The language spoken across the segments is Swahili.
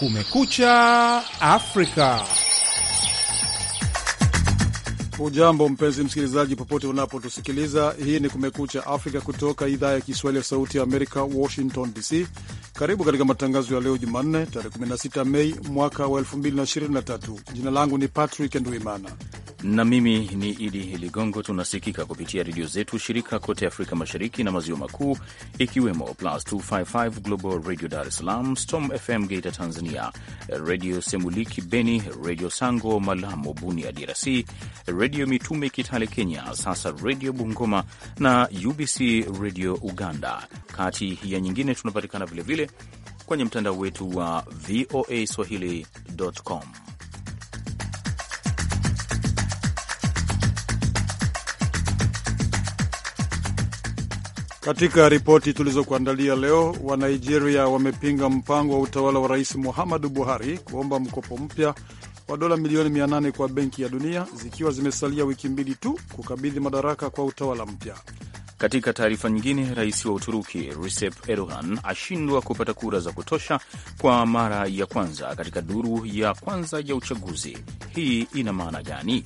Kumekucha Afrika. Ujambo mpenzi msikilizaji, popote unapotusikiliza. Hii ni Kumekucha Afrika kutoka idhaa ya Kiswahili ya Sauti ya Amerika, Washington DC. Karibu katika matangazo ya leo Jumanne, tarehe 16 Mei mwaka wa 2023. Jina langu ni Patrick Nduimana na mimi ni Idi Ligongo. Tunasikika kupitia redio zetu shirika kote Afrika Mashariki na Maziwa Makuu, ikiwemo Plus 255 Global Radio Dar es Salaam, Storm FM Geita Tanzania, Redio Semuliki Beni, Redio Sango Malamu Bunia DRC, Redio Mitume Kitale Kenya, sasa Redio Bungoma na UBC Redio Uganda, kati ya nyingine. Tunapatikana vilevile kwenye mtandao wetu wa VOA swahili.com. Katika ripoti tulizokuandalia leo, Wanigeria wamepinga mpango wa utawala wa Rais Muhammadu Buhari kuomba mkopo mpya wa dola milioni 800 kwa Benki ya Dunia, zikiwa zimesalia wiki mbili tu kukabidhi madaraka kwa utawala mpya. Katika taarifa nyingine, rais wa Uturuki Recep Erdogan ashindwa kupata kura za kutosha kwa mara ya kwanza katika duru ya kwanza ya uchaguzi. Hii ina maana gani?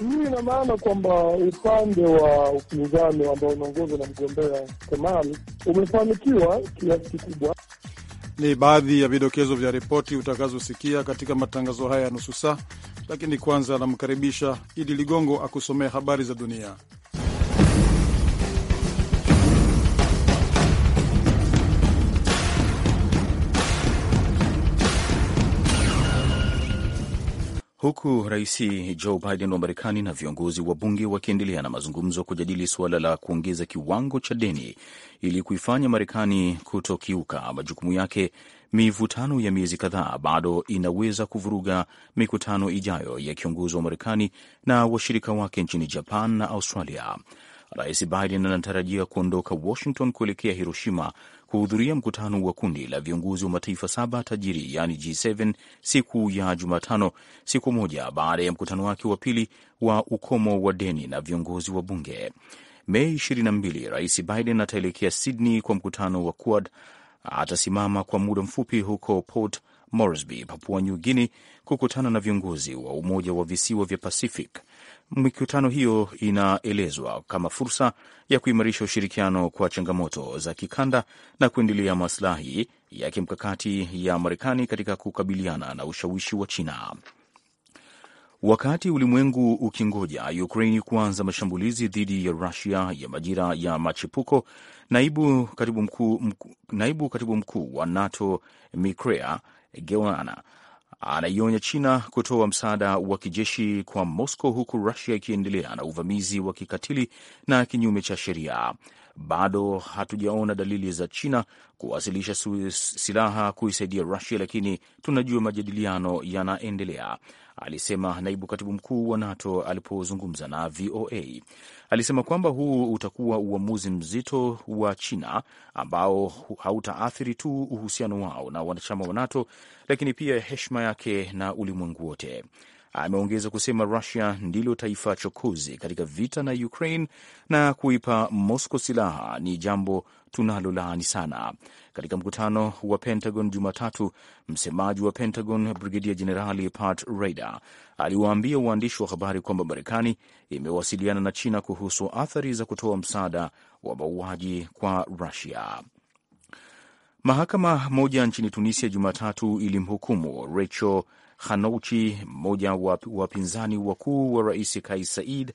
Hii ina maana kwamba upande wa upinzani ambao unaongozwa na mgombea Kemal umefanikiwa kiasi kikubwa. Ni baadhi ya vidokezo vya ripoti utakazosikia katika matangazo haya ya nusu saa, lakini kwanza anamkaribisha Idi Ligongo akusomea habari za dunia. huku Rais Joe Biden wa Marekani na viongozi wa bunge wakiendelea na mazungumzo kujadili suala la kuongeza kiwango cha deni ili kuifanya Marekani kutokiuka majukumu yake. Mivutano ya miezi kadhaa bado inaweza kuvuruga mikutano ijayo ya kiongozi wa Marekani na washirika wake nchini Japan na Australia. Rais Biden anatarajia kuondoka Washington kuelekea Hiroshima kuhudhuria mkutano wa kundi la viongozi wa mataifa saba tajiri yani G7 siku ya Jumatano, siku moja baada ya mkutano wake wa pili wa ukomo wa deni na viongozi wa bunge. Mei 22 Rais Biden ataelekea Sydney kwa mkutano wa Quad. Atasimama kwa muda mfupi huko Port Moresby, Papua New Guinea, kukutana na viongozi wa Umoja wa Visiwa vya Pacific Mikutano hiyo inaelezwa kama fursa ya kuimarisha ushirikiano kwa changamoto za kikanda na kuendelea maslahi ya kimkakati ya Marekani katika kukabiliana na ushawishi wa China. Wakati ulimwengu ukingoja Ukraini kuanza mashambulizi dhidi ya Rusia ya majira ya machipuko, naibu katibu mkuu, mku, naibu katibu mkuu wa NATO Mikrea geana anaionya China kutoa msaada wa kijeshi kwa Moscow, huku Rusia ikiendelea na uvamizi wa kikatili na kinyume cha sheria. Bado hatujaona dalili za China kuwasilisha silaha kuisaidia Rusia, lakini tunajua majadiliano yanaendelea, alisema naibu katibu mkuu wa NATO alipozungumza na VOA. Alisema kwamba huu utakuwa uamuzi mzito wa China ambao hautaathiri tu uhusiano wao na wanachama wa NATO, lakini pia heshima yake na ulimwengu wote. Ameongeza kusema Rusia ndilo taifa chokozi katika vita na Ukraine na kuipa Moscow silaha ni jambo tunalolaani sana. Katika mkutano wa Pentagon Jumatatu, msemaji wa Pentagon Brigedia Jenerali Pat Ryder aliwaambia waandishi wa habari kwamba Marekani imewasiliana na China kuhusu athari za kutoa msaada wa mauaji kwa Rusia. Mahakama moja nchini Tunisia Jumatatu ilimhukumu Rachel Hanouchi, mmoja wa wapinzani wakuu wa rais Kais Saied,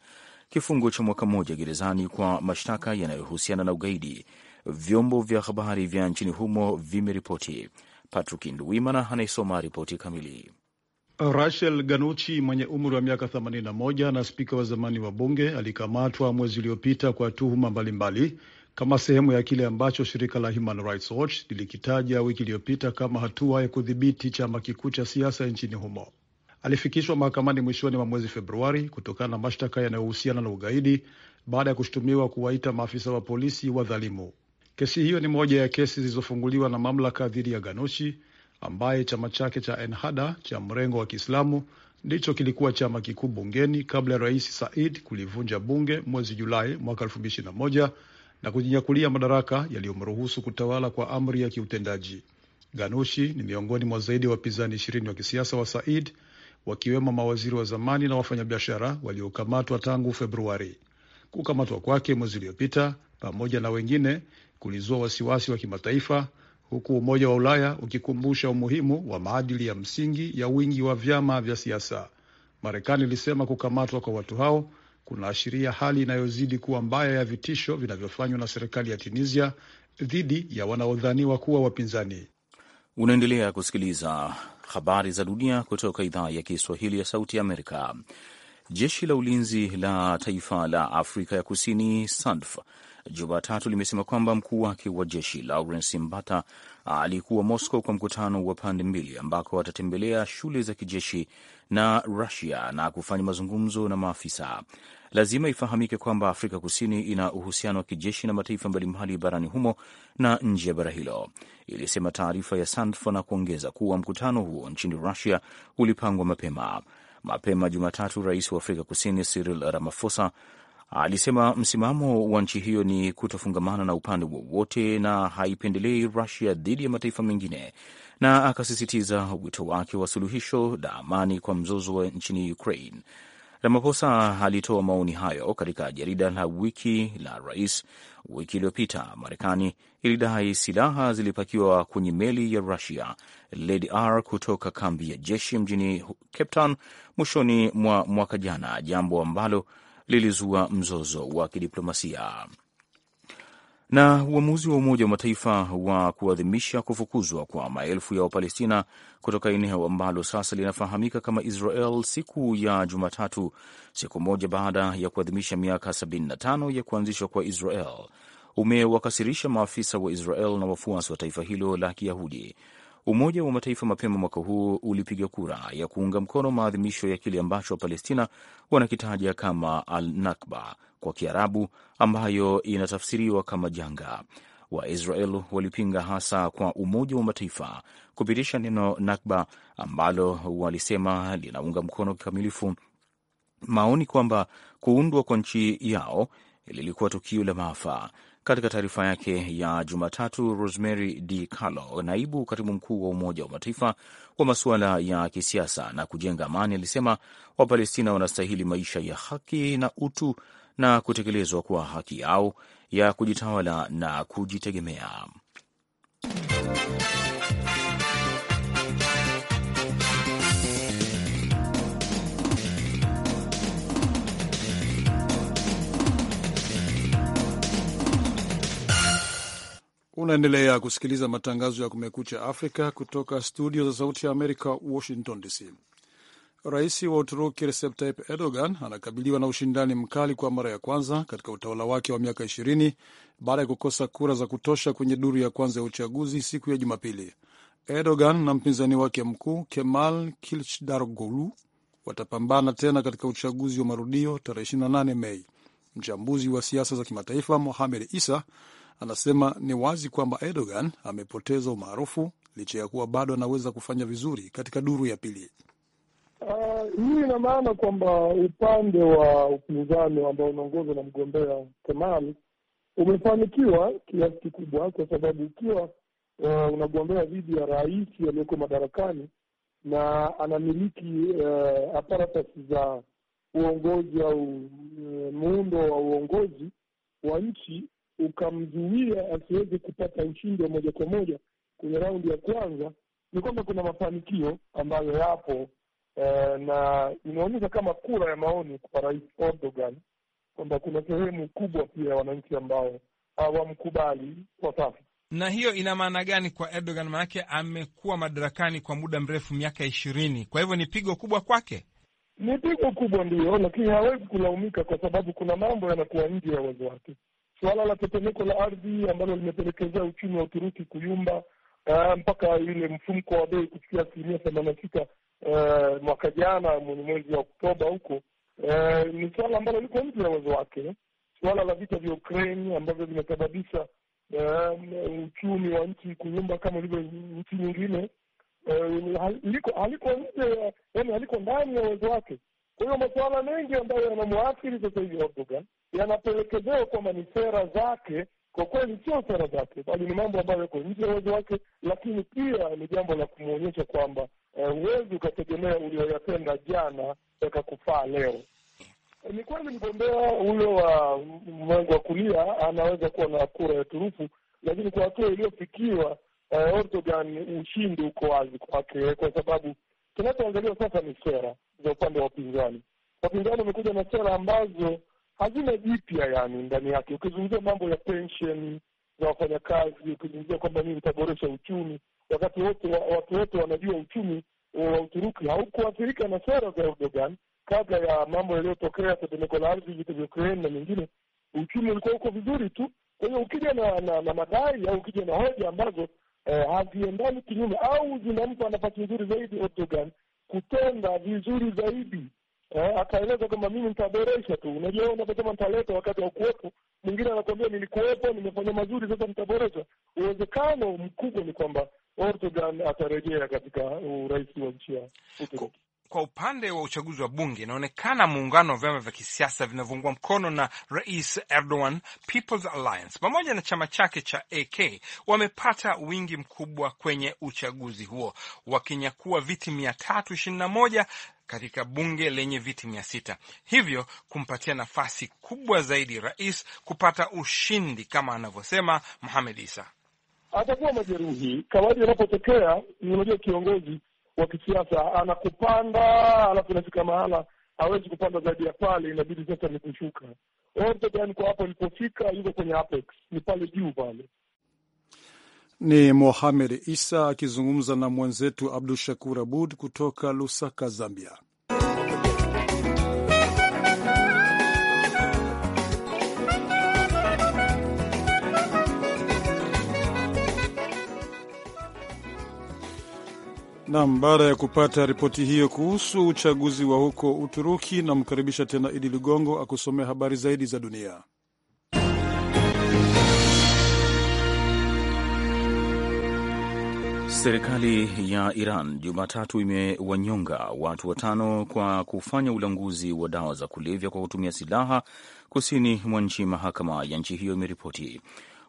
kifungo cha mwaka mmoja gerezani kwa mashtaka yanayohusiana na ugaidi, vyombo vya habari vya nchini humo vimeripoti. Patrick Nduwimana anayesoma ripoti kamili. Rachel Ganuchi mwenye umri wa miaka 81 na spika wa zamani wa bunge alikamatwa mwezi uliopita kwa tuhuma mbalimbali kama sehemu ya kile ambacho shirika la Human Rights Watch lilikitaja wiki iliyopita kama hatua ya kudhibiti chama kikuu cha siasa nchini humo. Alifikishwa mahakamani mwishoni mwa mwezi Februari kutokana na mashtaka yanayohusiana na ugaidi baada ya kushutumiwa kuwaita maafisa wa polisi wadhalimu. Kesi hiyo ni moja ya kesi zilizofunguliwa na mamlaka dhidi ya Ganoshi ambaye chama chake cha Ennahda cha mrengo wa Kiislamu ndicho kilikuwa chama kikuu bungeni kabla ya rais Said kulivunja bunge mwezi Julai mwaka na kujinyakulia madaraka yaliyomruhusu kutawala kwa amri ya kiutendaji. Ganushi ni miongoni mwa zaidi ya wapinzani ishirini wa kisiasa wa Said, wakiwemo mawaziri wa zamani na wafanyabiashara waliokamatwa tangu Februari. Kukamatwa kwake mwezi uliopita pamoja na wengine kulizua wasiwasi wa kimataifa, huku Umoja wa Ulaya ukikumbusha umuhimu wa maadili ya msingi ya wingi wa vyama vya siasa. Marekani ilisema kukamatwa kwa watu hao kunaashiria hali inayozidi kuwa mbaya ya vitisho vinavyofanywa na serikali ya Tunisia dhidi ya wanaodhaniwa kuwa wapinzani. Unaendelea kusikiliza habari za dunia kutoka idhaa ya Kiswahili ya Sauti ya Amerika. Jeshi la ulinzi la taifa la Afrika ya Kusini SADF Jumatatu limesema kwamba mkuu wake wa jeshi Lawrence Mbata alikuwa Moscow kwa mkutano wa pande mbili ambako atatembelea shule za kijeshi na Rusia na kufanya mazungumzo na maafisa. Lazima ifahamike kwamba Afrika Kusini ina uhusiano wa kijeshi na mataifa mbalimbali barani humo na nje ya bara hilo, ilisema taarifa ya SADC na kuongeza kuwa mkutano huo nchini Russia ulipangwa mapema. Mapema Jumatatu, rais wa Afrika Kusini Cyril Ramaphosa alisema msimamo wa nchi hiyo ni kutofungamana na upande wowote na haipendelei Rusia dhidi ya mataifa mengine, na akasisitiza wito wake wa suluhisho la amani kwa mzozo wa nchini Ukraine. Ramaphosa alitoa maoni hayo katika jarida la wiki la Rais. Wiki iliyopita Marekani ilidai silaha zilipakiwa kwenye meli ya Russia Lady R kutoka kambi ya jeshi mjini Cape Town mwishoni mwa mwaka jana, jambo ambalo lilizua mzozo wa kidiplomasia na uamuzi wa Umoja wa Mataifa wa kuadhimisha kufukuzwa kwa maelfu ya Wapalestina kutoka eneo ambalo sasa linafahamika kama Israel siku ya Jumatatu, siku moja baada ya kuadhimisha miaka 75 ya kuanzishwa kwa Israel umewakasirisha maafisa wa Israel na wafuasi wa taifa hilo la Kiyahudi. Umoja wa Mataifa mapema mwaka huu ulipiga kura ya kuunga mkono maadhimisho ya kile ambacho Wapalestina wanakitaja kama al-Nakba, kwa Kiarabu ambayo inatafsiriwa kama janga. Waisrael walipinga hasa kwa Umoja wa Mataifa kupitisha neno Nakba ambalo walisema linaunga mkono kikamilifu maoni kwamba kuundwa kwa nchi yao lilikuwa tukio la maafa. Katika taarifa yake ya Jumatatu, Rosemary D Carlo, naibu katibu mkuu wa Umoja wa Mataifa kwa masuala ya kisiasa na kujenga amani, alisema Wapalestina wanastahili maisha ya haki na utu na kutekelezwa kwa haki yao ya kujitawala na kujitegemea. Unaendelea kusikiliza matangazo ya Kumekucha Afrika kutoka studio za Sauti ya Amerika, Washington DC. Rais wa Uturuki Recep Tayyip Erdogan anakabiliwa na ushindani mkali kwa mara ya kwanza katika utawala wake wa miaka ishirini baada ya kukosa kura za kutosha kwenye duru ya kwanza ya uchaguzi siku ya Jumapili. Erdogan na mpinzani wake mkuu Kemal Kilicdaroglu watapambana tena katika uchaguzi wa marudio tarehe 28 Mei. Mchambuzi wa siasa za kimataifa Mohamed Isa anasema ni wazi kwamba Erdogan amepoteza umaarufu licha ya kuwa bado anaweza kufanya vizuri katika duru ya pili. Ah, hii uh, ina maana kwamba upande wa upinzani ambao unaongozwa na mgombea Kemal umefanikiwa kiasi kikubwa, kwa sababu ukiwa uh, unagombea dhidi ya rais aliyoko madarakani na anamiliki uh, eh, aparatus za uongozi au uh, muundo wa uongozi wa nchi, ukamzuia asiweze kupata ushindi wa moja kwa moja kwenye raundi ya kwanza, ni kwamba kuna mafanikio ambayo yapo Eh, na inaonyesha kama kura ya maoni kwa Rais Erdogan kwamba kuna sehemu kubwa pia ya wananchi ambao hawamkubali kwa sasa. Na hiyo ina maana gani kwa Erdogan? Maanake amekuwa madarakani kwa muda mrefu, miaka ishirini. Kwa hivyo ni pigo kubwa kwake, ni pigo kubwa ndiyo, lakini hawezi kulaumika kwa sababu kuna mambo yanakuwa nje ya uwezo wake. Suala la tetemeko la ardhi ambalo limepelekezea uchumi wa Uturuki kuyumba, uh, mpaka ile mfumko wa bei kufikia asilimia themanini na sita eh, mwaka jana mwenye mwezi wa Oktoba huko eh, ni suala ambalo liko nje ya uwezo wake, eh. suala la vita vya Ukraine ambavyo vimesababisha eh, uchumi wa nchi kuyumba kama ilivyo nchi nyingine eh, haliko haliko nje, yani, haliko ndani ya uwezo wake. Kwa hiyo masuala mengi ambayo yanamwathiri sasa hivi Erdogan yanapelekezewa kwamba ni sera zake kwa kweli sio sera zake, bali ni mambo ambayo yako nje ya uwezo wake, lakini pia ni jambo la kumwonyesha kwamba eh, huwezi ukategemea ulioyatenda jana yakakufaa leo. Ni kweli mgombea huyo wa mrengo wa kulia anaweza kuwa na kura ya turufu, lakini kwa hatua iliyofikiwa eh, Erdogan ushindi uko wazi kwake, kwa sababu tunachoangalia sasa ni sera za upande wa upinzani. Wapinzani wamekuja na sera ambazo hazina jipya yani ndani yake. Ukizungumzia mambo ya pensheni za wafanyakazi, ukizungumzia kwamba nini nitaboresha uchumi, wakati wote watu wote wanajua uchumi wa Uturuki haukuathirika na sera za Erdogan kabla ya mambo yaliyotokea, tetemeko la ardhi, vita vya Ukraine na mingine, uchumi ulikuwa uko vizuri tu. Kwa hiyo ukija na, na, na madai au ukija na hoja ambazo eh, haziendani kinyume au zinampa nafasi nzuri zaidi Erdogan kutenda vizuri zaidi eh, akaeleza kwamba mimi nitaboresha tu. Unajua, unaposema nitaleta wakati haukuwepo, mwingine anakuambia nilikuwepo, nimefanya mazuri, sasa nitaboresha. Uwezekano mkubwa ni kwamba Erdogan atarejea katika uh, urais wa nchi uturuki kwa upande wa uchaguzi wa bunge, inaonekana muungano wa vyama vya kisiasa vinavyoungwa mkono na Rais Erdogan, People's Alliance pamoja na chama chake cha AK wamepata wingi mkubwa kwenye uchaguzi huo wakinyakua viti mia tatu ishirini na moja katika bunge lenye viti mia sita hivyo kumpatia nafasi kubwa zaidi rais kupata ushindi kama anavyosema Mohamed Isa. Atakuwa majeruhi kawaida, inapotokea ni unajua, kiongozi wa kisiasa, anakupanda alafu inafika mahala hawezi kupanda zaidi ya pale, inabidi sasa ni kushuka. Erdogan kwa hapo alipofika yuko kwenye apex, ni pale juu pale. Ni Mohamed Isa akizungumza na mwenzetu Abdu Shakur Abud kutoka Lusaka, Zambia. Nam, baada ya kupata ripoti hiyo kuhusu uchaguzi wa huko Uturuki, namkaribisha tena Idi Ligongo akusomea habari zaidi za dunia. Serikali ya Iran Jumatatu imewanyonga watu watano kwa kufanya ulanguzi wa dawa za kulevya kwa kutumia silaha kusini mwa nchi, mahakama ya nchi hiyo imeripoti.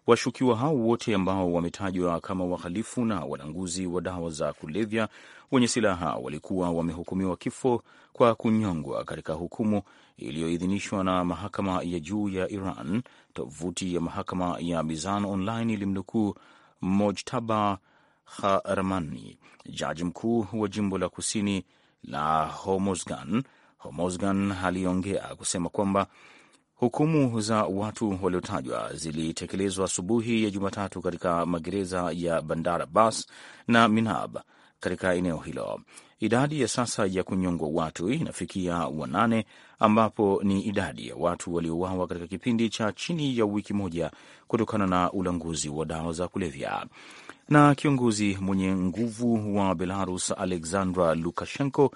Washukiwa hao wote ambao wametajwa kama wahalifu na walanguzi wa dawa za kulevya wenye silaha walikuwa wamehukumiwa kifo kwa kunyongwa katika hukumu iliyoidhinishwa na mahakama ya juu ya Iran. Tovuti ya mahakama ya Mizan Online ilimnukuu Mojtaba Haramani, jaji mkuu wa jimbo la kusini la Homosgan. homosgan aliongea kusema kwamba Hukumu za watu waliotajwa zilitekelezwa asubuhi ya Jumatatu katika magereza ya Bandar Abbas na Minab katika eneo hilo. Idadi ya sasa ya kunyongwa watu inafikia wanane, ambapo ni idadi ya watu waliouawa katika kipindi cha chini ya wiki moja kutokana na ulanguzi wa dawa za kulevya. Na kiongozi mwenye nguvu wa Belarus Alexandra Lukashenko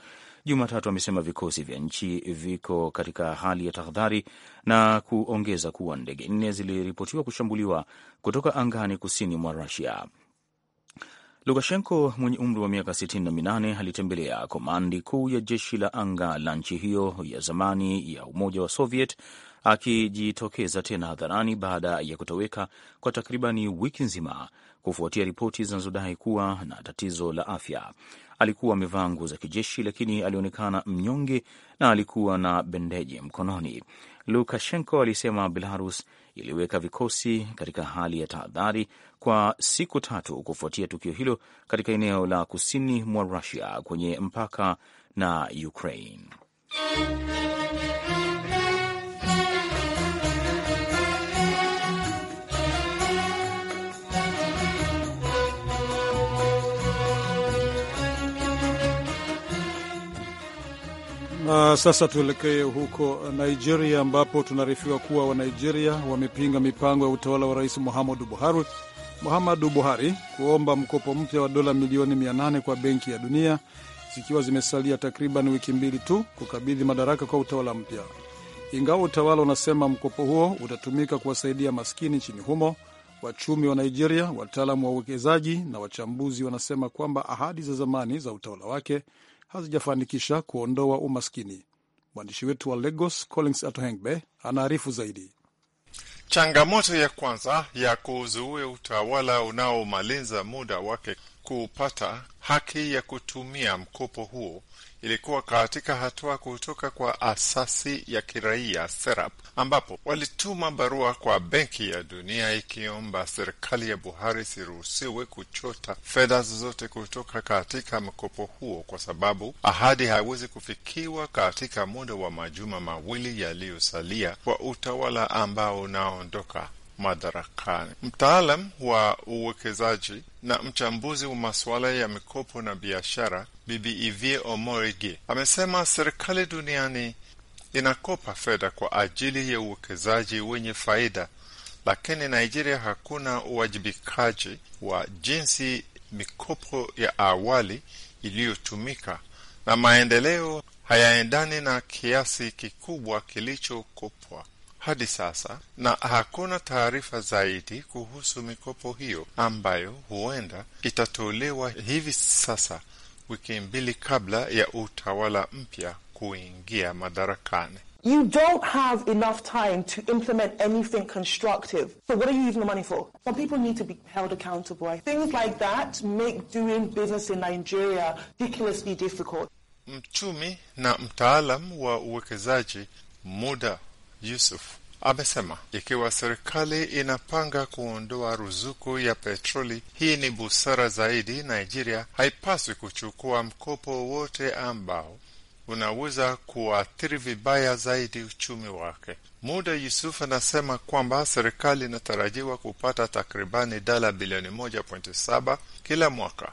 Jumatatu amesema vikosi vya nchi viko katika hali ya tahadhari na kuongeza kuwa ndege nne ziliripotiwa kushambuliwa kutoka angani kusini mwa Rusia. Lukashenko mwenye umri wa miaka 68 alitembelea komandi kuu ya jeshi la anga la nchi hiyo ya zamani ya Umoja wa Soviet akijitokeza tena hadharani baada ya kutoweka kwa takribani wiki nzima kufuatia ripoti zinazodai kuwa na tatizo la afya. Alikuwa amevaa nguo za kijeshi, lakini alionekana mnyonge na alikuwa na bendeji mkononi. Lukashenko alisema Belarus iliweka vikosi katika hali ya tahadhari kwa siku tatu kufuatia tukio hilo katika eneo la kusini mwa Rusia kwenye mpaka na Ukraine. Na uh, sasa tuelekee huko Nigeria ambapo tunaarifiwa kuwa Wanigeria wamepinga mipango ya utawala wa Rais Muhammadu Buhari Muhammadu Buhari kuomba mkopo mpya wa dola milioni 800 kwa Benki ya Dunia zikiwa zimesalia takriban wiki mbili tu kukabidhi madaraka kwa utawala mpya. Ingawa utawala unasema mkopo huo utatumika kuwasaidia maskini nchini humo, wachumi wa Nigeria, wataalamu wa uwekezaji na wachambuzi wanasema kwamba ahadi za zamani za utawala wake hazijafanikisha kuondoa umaskini. Mwandishi wetu wa Lagos, Collins Atohengbe, anaarifu zaidi. Changamoto ya kwanza ya kuzuia utawala unaomaliza muda wake kupata Haki ya kutumia mkopo huo ilikuwa katika hatua kutoka kwa asasi ya kiraia SERAP ambapo walituma barua kwa Benki ya Dunia ikiomba serikali ya Buhari siruhusiwe kuchota fedha zozote kutoka katika mkopo huo kwa sababu ahadi haiwezi kufikiwa katika muda wa majuma mawili yaliyosalia kwa utawala ambao unaondoka madarakani. Mtaalam wa uwekezaji na mchambuzi wa masuala ya mikopo na biashara, Bibi Ivie Omoigi, amesema serikali duniani inakopa fedha kwa ajili ya uwekezaji wenye faida, lakini Nigeria hakuna uwajibikaji wa jinsi mikopo ya awali iliyotumika na maendeleo hayaendani na kiasi kikubwa kilichokopwa hadi sasa na hakuna taarifa zaidi kuhusu mikopo hiyo ambayo huenda itatolewa hivi sasa wiki mbili kabla ya utawala mpya kuingia madarakani. You don't have enough time to implement anything constructive. So what are you using the money for? Some people need to be held accountable. Things like that make doing business in Nigeria ridiculously difficult. Mchumi na mtaalam wa uwekezaji muda Yusuf amesema ikiwa serikali inapanga kuondoa ruzuku ya petroli, hii ni busara zaidi. Nigeria haipaswi kuchukua mkopo wowote ambao unaweza kuathiri vibaya zaidi uchumi wake. Muda Yusuf anasema kwamba serikali inatarajiwa kupata takribani dola bilioni 1.7 kila mwaka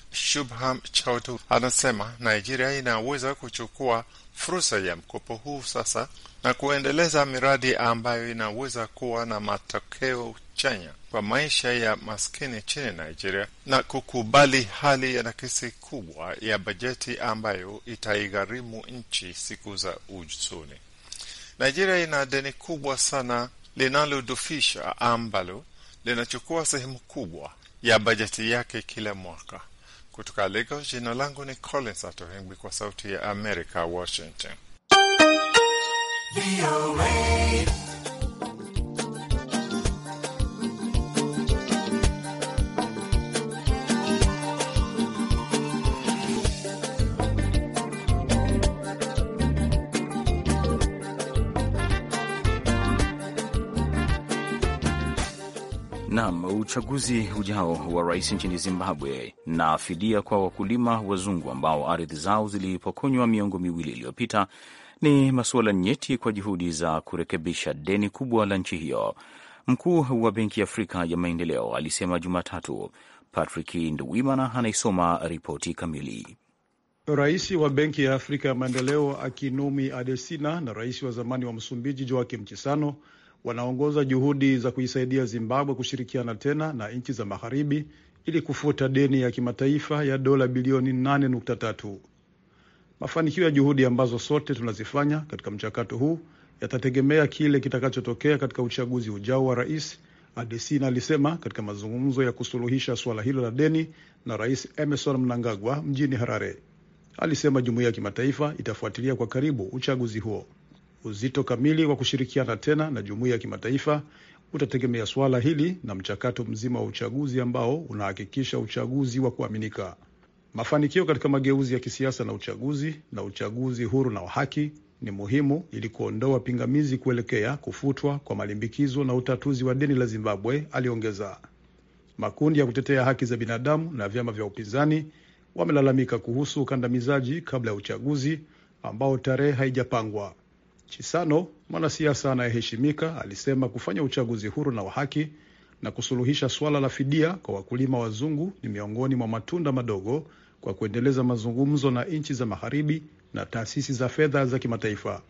Shubham Chautu anasema Nigeria inaweza kuchukua fursa ya mkopo huu sasa na kuendeleza miradi ambayo inaweza kuwa na matokeo chanya kwa maisha ya maskini nchini Nigeria na kukubali hali ya nakisi kubwa ya bajeti ambayo itaigharimu nchi siku za usoni. Nigeria ina deni kubwa sana linalodufisha ambalo linachukua sehemu kubwa ya bajeti yake kila mwaka. Kutoka Lagos, jina langu ni Collins Atohengwi, kwa Sauti ya Amerika, Washington. uchaguzi ujao wa rais nchini Zimbabwe na fidia kwa wakulima wazungu ambao ardhi zao zilipokonywa miongo miwili iliyopita ni masuala nyeti kwa juhudi za kurekebisha deni kubwa la nchi hiyo. Mkuu wa Benki ya Afrika ya Maendeleo alisema Jumatatu. Patrick Nduwimana anaisoma ripoti kamili. Rais wa Benki ya Afrika ya Maendeleo akinumi Adesina na rais wa zamani wa Msumbiji Joaquim Chissano wanaongoza juhudi za kuisaidia Zimbabwe kushirikiana tena na nchi za magharibi ili kufuta deni ya kimataifa ya dola bilioni 8.3. Mafanikio ya juhudi ambazo sote tunazifanya katika mchakato huu yatategemea kile kitakachotokea katika uchaguzi ujao wa rais, Adesina alisema katika mazungumzo ya kusuluhisha suala hilo la deni na Rais Emerson Mnangagwa mjini Harare. Alisema jumuiya ya kimataifa itafuatilia kwa karibu uchaguzi huo. Uzito kamili wa kushirikiana tena na jumuiya ya kimataifa utategemea swala hili na mchakato mzima wa uchaguzi ambao unahakikisha uchaguzi wa kuaminika, mafanikio katika mageuzi ya kisiasa na uchaguzi na uchaguzi huru na wa haki ni muhimu ili kuondoa pingamizi kuelekea kufutwa kwa malimbikizo na utatuzi wa deni la Zimbabwe, aliongeza. Makundi ya kutetea haki za binadamu na vyama vya upinzani wamelalamika kuhusu ukandamizaji kabla ya uchaguzi ambao tarehe haijapangwa. Chisano, mwanasiasa anayeheshimika, alisema kufanya uchaguzi huru na wa haki na kusuluhisha suala la fidia kwa wakulima wazungu ni miongoni mwa matunda madogo kwa kuendeleza mazungumzo na nchi za magharibi na taasisi za fedha za kimataifa.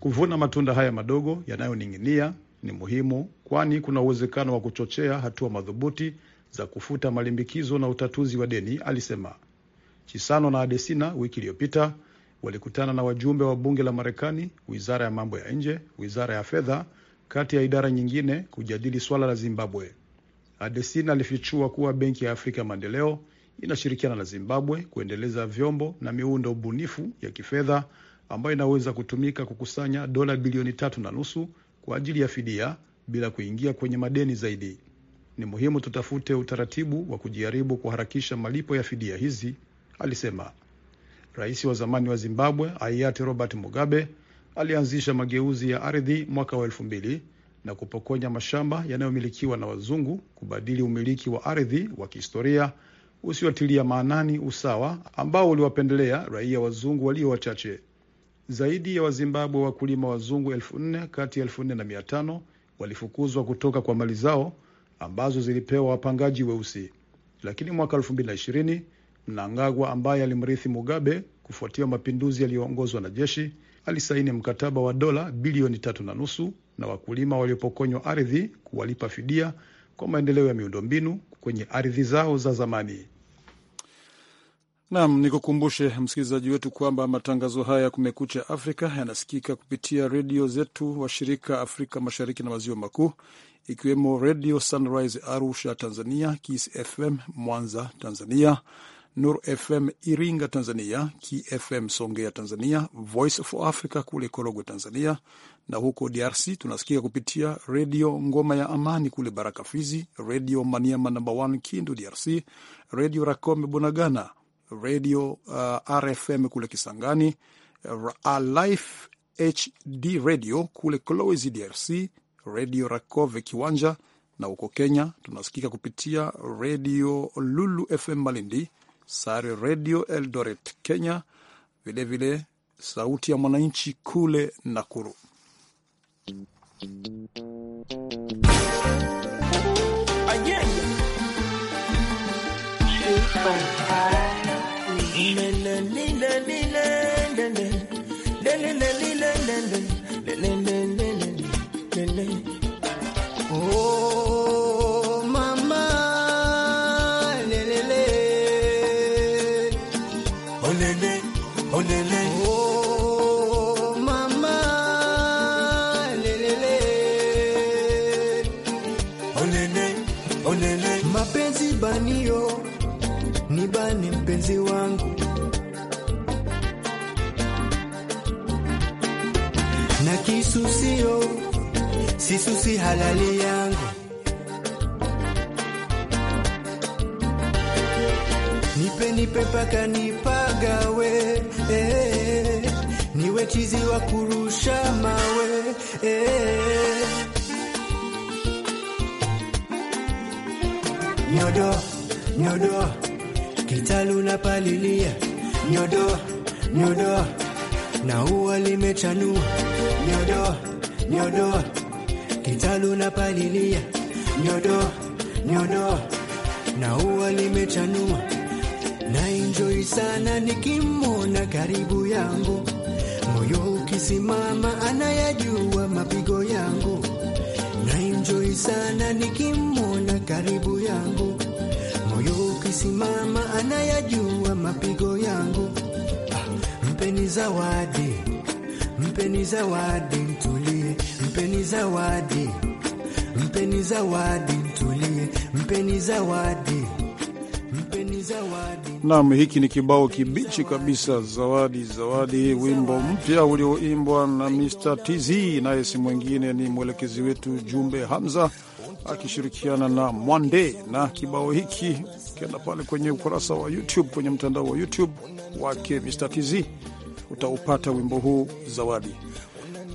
Kuvuna matunda haya madogo yanayoning'inia ni muhimu, kwani kuna uwezekano wa kuchochea hatua madhubuti za kufuta malimbikizo na utatuzi wa deni, alisema Chisano na Adesina wiki iliyopita walikutana na wajumbe wa bunge la Marekani, wizara ya mambo ya nje, wizara ya fedha, kati ya idara nyingine kujadili swala la Zimbabwe. Adesina alifichua kuwa Benki ya Afrika ya Maendeleo inashirikiana na Zimbabwe kuendeleza vyombo na miundo bunifu ya kifedha ambayo inaweza kutumika kukusanya dola bilioni tatu na nusu kwa ajili ya fidia bila kuingia kwenye madeni zaidi. Ni muhimu tutafute utaratibu wa kujaribu kuharakisha malipo ya fidia hizi, alisema. Rais wa zamani wa Zimbabwe hayati Robert Mugabe alianzisha mageuzi ya ardhi mwaka wa elfu mbili na kupokonya mashamba yanayomilikiwa na wazungu, kubadili umiliki wa ardhi wa kihistoria usiotilia maanani usawa ambao uliwapendelea raia wazungu walio wachache. Zaidi ya Wazimbabwe wakulima wazungu elfu nne kati ya elfu nne na mia tano walifukuzwa kutoka kwa mali zao ambazo zilipewa wapangaji weusi, lakini mwaka elfu mbili na ishirini Mnangagwa ambaye alimrithi Mugabe kufuatia mapinduzi yaliyoongozwa na jeshi alisaini mkataba wa dola bilioni tatu na nusu na wakulima waliopokonywa ardhi kuwalipa fidia kwa maendeleo ya miundombinu kwenye ardhi zao za zamani. Nam, nikukumbushe msikilizaji wetu kwamba matangazo haya ya Kumekucha Afrika yanasikika kupitia redio zetu washirika Afrika Mashariki na Maziwa Makuu, ikiwemo Redio Sunrise Arusha Tanzania, Kis FM Mwanza Tanzania, Nur FM Iringa Tanzania, KFM Songea Tanzania, Voice of Africa kule Korogwe Tanzania, na huko DRC tunasikika kupitia Redio Ngoma ya Amani kule Baraka Fizi, Redio Maniama namba 1 Kindu DRC, Redio Rakome Bunagana, Redio uh, RFM kule Kisangani, uh, Alife HD Radio kule Kolwezi DRC, Redio Rakove Kiwanja, na huko Kenya tunasikika kupitia Redio Lulu FM Malindi Sare radio Eldoret Kenya, vilevile vile Sauti ya Mwananchi kule Nakuru. mchizi wa kurusha mawe eh. Nyodo, nyodo, kitalu na palilia nyodo, nyodo, na ua limechanua nyodo, nyodo, kitalu na palilia nyodo, nyodo, na ua limechanua na enjoy sana nikimona karibu yangu moyo ukisimama, anayajua mapigo yangu, na enjoy sana nikimwona karibu yangu. Moyo ukisimama, anayajua mapigo yangu. Ah, mpeni zawadi, mpeni zawadi, mtulie, mpeni zawadi, mpeni zawadi, mtulie, mpeni zawadi Nam, hiki ni kibao kibichi kabisa, zawadi zawadi, wimbo mpya ulioimbwa na Mr TZ, naye si mwingine ni mwelekezi wetu Jumbe Hamza akishirikiana na Mwande, na kibao hiki kenda pale kwenye ukurasa wa YouTube, kwenye mtandao wa YouTube wake Mr TZ utaupata wimbo huu zawadi.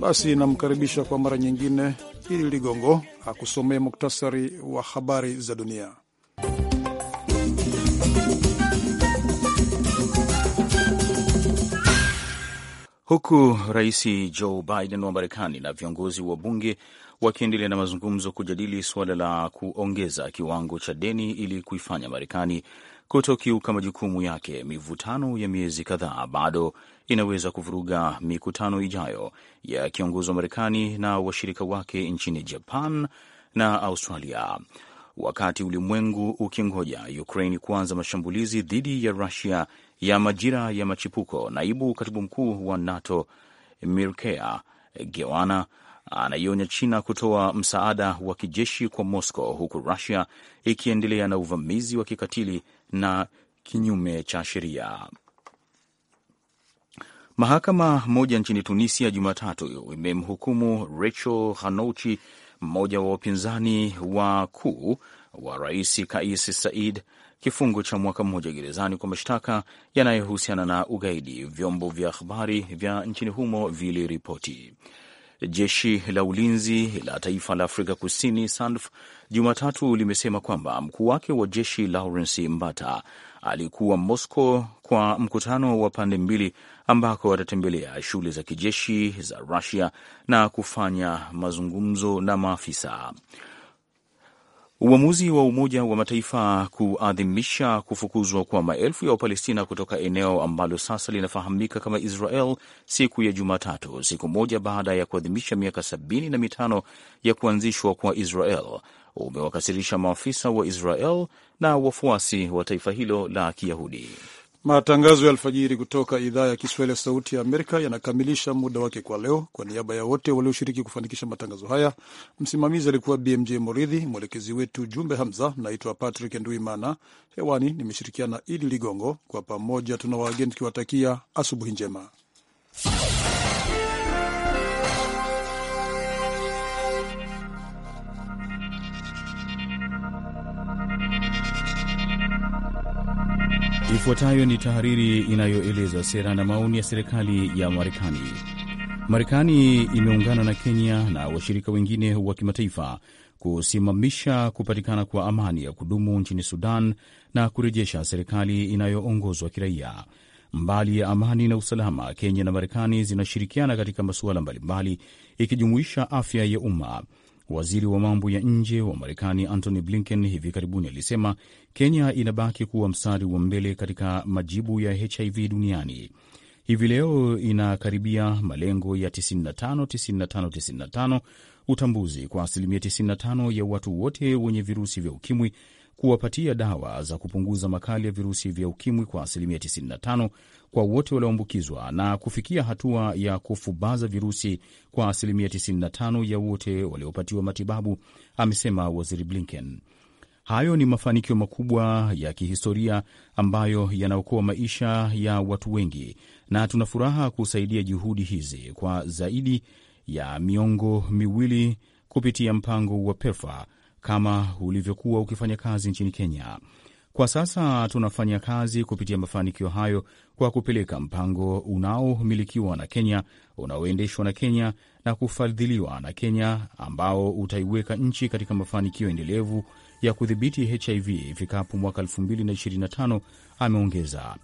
Basi namkaribisha kwa mara nyingine ili Ligongo akusomee muktasari wa habari za dunia. huku Rais Joe Biden wa Marekani na viongozi wa bunge wakiendelea na mazungumzo kujadili suala la kuongeza kiwango cha deni ili kuifanya Marekani kutokiuka majukumu yake. Mivutano ya miezi kadhaa bado inaweza kuvuruga mikutano ijayo ya kiongozi wa Marekani na washirika wake nchini Japan na Australia, wakati ulimwengu ukingoja Ukraine kuanza mashambulizi dhidi ya Rusia ya majira ya machipuko, naibu katibu mkuu wa NATO Mirkea Gewana anaionya China kutoa msaada wa kijeshi kwa Moscow, huku Rusia ikiendelea na uvamizi wa kikatili na kinyume cha sheria. Mahakama moja nchini Tunisia Jumatatu imemhukumu Rachel Hanouchi, mmoja wa wapinzani kuu wa Rais Kais Saied kifungo cha mwaka mmoja gerezani kwa mashtaka yanayohusiana na ugaidi, vyombo vya habari vya nchini humo viliripoti. Jeshi la ulinzi la taifa la Afrika Kusini SANDF Jumatatu limesema kwamba mkuu wake wa jeshi Lawrence Mbata alikuwa Moscow kwa mkutano wa pande mbili ambako atatembelea shule za kijeshi za Rusia na kufanya mazungumzo na maafisa Uamuzi wa Umoja wa Mataifa kuadhimisha kufukuzwa kwa maelfu ya Wapalestina kutoka eneo ambalo sasa linafahamika kama Israel siku ya Jumatatu, siku moja baada ya kuadhimisha miaka sabini na mitano ya kuanzishwa kwa Israel umewakasirisha maafisa wa Israel na wafuasi wa taifa hilo la Kiyahudi. Matangazo ya alfajiri kutoka idhaa ya Kiswahili ya Sauti ya Amerika yanakamilisha muda wake kwa leo. Kwa niaba ya wote walioshiriki kufanikisha matangazo haya, msimamizi alikuwa BMJ Moridhi, mwelekezi wetu Jumbe Hamza. Naitwa Patrick Nduimana, hewani nimeshirikiana Idi Ligongo. Kwa pamoja tuna wageni tukiwatakia asubuhi njema. Ifuatayo ni tahariri inayoeleza sera na maoni ya serikali ya Marekani. Marekani imeungana na Kenya na washirika wengine wa kimataifa kusimamisha kupatikana kwa amani ya kudumu nchini Sudan na kurejesha serikali inayoongozwa kiraia. Mbali ya amani na usalama, Kenya na Marekani zinashirikiana katika masuala mbalimbali, ikijumuisha afya ya umma Waziri wa mambo ya nje wa Marekani Antony Blinken hivi karibuni alisema Kenya inabaki kuwa mstari wa mbele katika majibu ya HIV duniani. Hivi leo inakaribia malengo ya 95 95 95, utambuzi kwa asilimia 95 ya watu wote wenye virusi vya ukimwi, kuwapatia dawa za kupunguza makali ya virusi vya ukimwi kwa asilimia 95, kwa wote walioambukizwa na kufikia hatua ya kufubaza virusi kwa asilimia 95 ya wote waliopatiwa matibabu, amesema Waziri Blinken. Hayo ni mafanikio makubwa ya kihistoria ambayo yanaokoa maisha ya watu wengi, na tuna furaha kusaidia juhudi hizi kwa zaidi ya miongo miwili kupitia mpango wa PEPFAR kama ulivyokuwa ukifanya kazi nchini Kenya. Kwa sasa tunafanya kazi kupitia mafanikio hayo kwa kupeleka mpango unaomilikiwa na Kenya, unaoendeshwa na Kenya na kufadhiliwa na Kenya, ambao utaiweka nchi katika mafanikio endelevu ya kudhibiti HIV ifikapo mwaka 2025, ameongeza.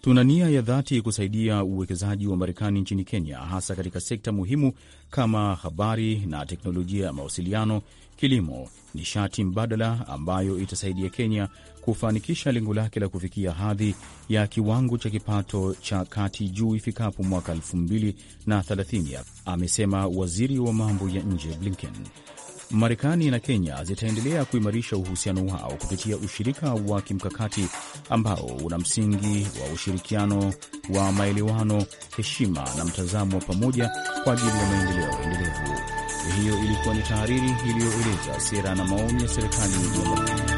Tuna nia ya dhati kusaidia uwekezaji wa Marekani nchini Kenya, hasa katika sekta muhimu kama habari na teknolojia ya mawasiliano, kilimo, nishati mbadala, ambayo itasaidia Kenya kufanikisha lengo lake la kufikia hadhi ya kiwango cha kipato cha kati juu ifikapo mwaka 2030, amesema waziri wa mambo ya nje Blinken. Marekani na Kenya zitaendelea kuimarisha uhusiano wao kupitia ushirika wa kimkakati ambao una msingi wa ushirikiano wa maelewano, heshima na mtazamo wa pamoja kwa ajili ya maendeleo endelevu. Hiyo ilikuwa ni tahariri iliyoeleza sera na maoni ya serikali ya